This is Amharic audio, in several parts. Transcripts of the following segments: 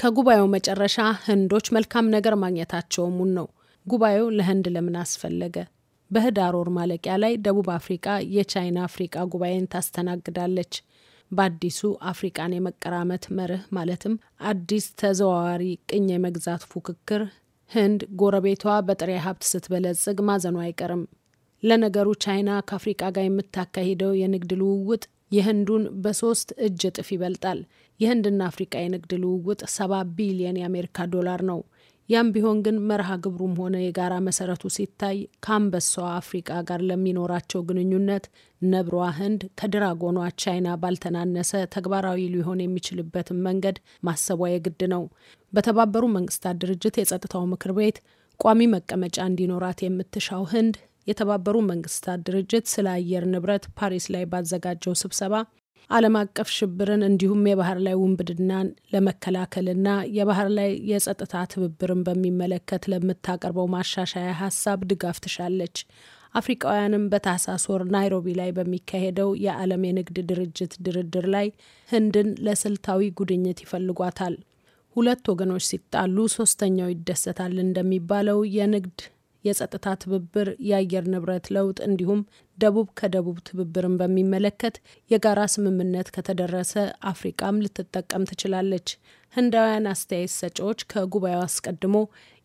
ከጉባኤው መጨረሻ ህንዶች መልካም ነገር ማግኘታቸውሙን ነው። ጉባኤው ለህንድ ለምን አስፈለገ? በህዳር ወር ማለቂያ ላይ ደቡብ አፍሪቃ የቻይና አፍሪቃ ጉባኤን ታስተናግዳለች። በአዲሱ አፍሪቃን የመቀራመት መርህ ማለትም አዲስ ተዘዋዋሪ ቅኝ የመግዛት ፉክክር ህንድ ጎረቤቷ በጥሬ ሀብት ስትበለጽግ ማዘኑ አይቀርም። ለነገሩ ቻይና ከአፍሪቃ ጋር የምታካሂደው የንግድ ልውውጥ የህንዱን በሶስት እጅ እጥፍ ይበልጣል። የህንድና አፍሪቃ የንግድ ልውውጥ ሰባ ቢሊየን የአሜሪካ ዶላር ነው። ያም ቢሆን ግን መርሃ ግብሩም ሆነ የጋራ መሰረቱ ሲታይ ከአንበሳዋ አፍሪቃ ጋር ለሚኖራቸው ግንኙነት ነብሯ ህንድ ከድራጎኗ ቻይና ባልተናነሰ ተግባራዊ ሊሆን የሚችልበትን መንገድ ማሰቧ የግድ ነው። በተባበሩ መንግስታት ድርጅት የጸጥታው ምክር ቤት ቋሚ መቀመጫ እንዲኖራት የምትሻው ህንድ የተባበሩ መንግስታት ድርጅት ስለ አየር ንብረት ፓሪስ ላይ ባዘጋጀው ስብሰባ ዓለም አቀፍ ሽብርን እንዲሁም የባህር ላይ ውንብድናን ለመከላከልና የባህር ላይ የጸጥታ ትብብርን በሚመለከት ለምታቀርበው ማሻሻያ ሀሳብ ድጋፍ ትሻለች። አፍሪቃውያንም በታህሳስ ወር ናይሮቢ ላይ በሚካሄደው የዓለም የንግድ ድርጅት ድርድር ላይ ህንድን ለስልታዊ ጉድኝት ይፈልጓታል። ሁለት ወገኖች ሲጣሉ ሶስተኛው ይደሰታል እንደሚባለው የንግድ የጸጥታ ትብብር፣ የአየር ንብረት ለውጥ እንዲሁም ደቡብ ከደቡብ ትብብርን በሚመለከት የጋራ ስምምነት ከተደረሰ አፍሪቃም ልትጠቀም ትችላለች። ህንዳውያን አስተያየት ሰጪዎች ከጉባኤው አስቀድሞ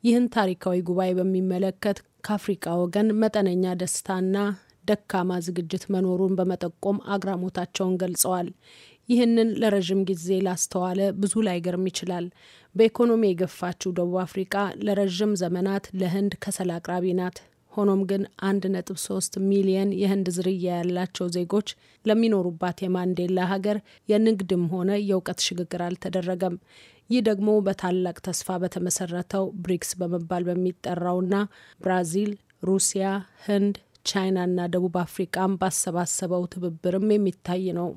ይህን ታሪካዊ ጉባኤ በሚመለከት ከአፍሪቃ ወገን መጠነኛ ደስታና ደካማ ዝግጅት መኖሩን በመጠቆም አግራሞታቸውን ገልጸዋል። ይህንን ለረዥም ጊዜ ላስተዋለ ብዙ ላይገርም ይችላል። በኢኮኖሚ የገፋችው ደቡብ አፍሪቃ ለረዥም ዘመናት ለህንድ ከሰል አቅራቢ ናት። ሆኖም ግን 1.3 ሚሊየን የህንድ ዝርያ ያላቸው ዜጎች ለሚኖሩባት የማንዴላ ሀገር የንግድም ሆነ የእውቀት ሽግግር አልተደረገም። ይህ ደግሞ በታላቅ ተስፋ በተመሰረተው ብሪክስ በመባል በሚጠራውና ብራዚል፣ ሩሲያ፣ ህንድ፣ ቻይና እና ደቡብ አፍሪቃም ባሰባሰበው ትብብርም የሚታይ ነው።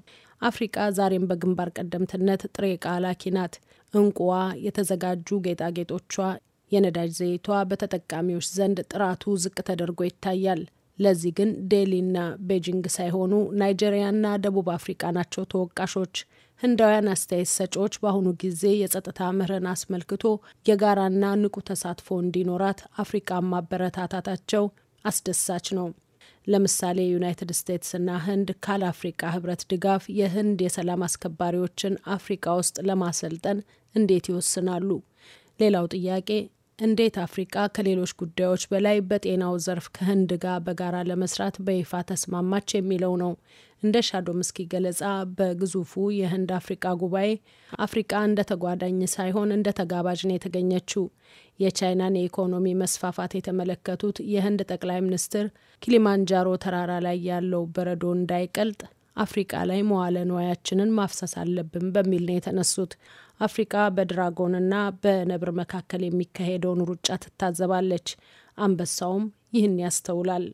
አፍሪቃ ዛሬም በግንባር ቀደምትነት ጥሬ ዕቃ ላኪ ናት። እንቁዋ፣ የተዘጋጁ ጌጣጌጦቿ፣ የነዳጅ ዘይቷ በተጠቃሚዎች ዘንድ ጥራቱ ዝቅ ተደርጎ ይታያል። ለዚህ ግን ዴሊና ቤጂንግ ሳይሆኑ ናይጄሪያና ደቡብ አፍሪቃ ናቸው ተወቃሾች። ህንዳውያን አስተያየት ሰጪዎች በአሁኑ ጊዜ የጸጥታ ምህርን አስመልክቶ የጋራና ንቁ ተሳትፎ እንዲኖራት አፍሪቃ ማበረታታታቸው አስደሳች ነው። ለምሳሌ ዩናይትድ ስቴትስ እና ህንድ ካለ ህብረት ድጋፍ የህንድ የሰላም አስከባሪዎችን አፍሪቃ ውስጥ ለማሰልጠን እንዴት ይወስናሉ? ሌላው ጥያቄ እንዴት አፍሪቃ ከሌሎች ጉዳዮች በላይ በጤናው ዘርፍ ከህንድ ጋር በጋራ ለመስራት በይፋ ተስማማች የሚለው ነው። እንደ ሻዶ ምስኪ ገለጻ በግዙፉ የህንድ አፍሪቃ ጉባኤ አፍሪቃ እንደ ተጓዳኝ ሳይሆን እንደ ተጋባዥ ነው የተገኘችው። የቻይናን የኢኮኖሚ መስፋፋት የተመለከቱት የህንድ ጠቅላይ ሚኒስትር ኪሊማንጃሮ ተራራ ላይ ያለው በረዶ እንዳይቀልጥ አፍሪቃ ላይ መዋለ ንዋያችንን ማፍሰስ አለብን በሚል ነው የተነሱት። አፍሪቃ በድራጎንና በነብር መካከል የሚካሄደውን ሩጫ ትታዘባለች። አንበሳውም ይህን ያስተውላል።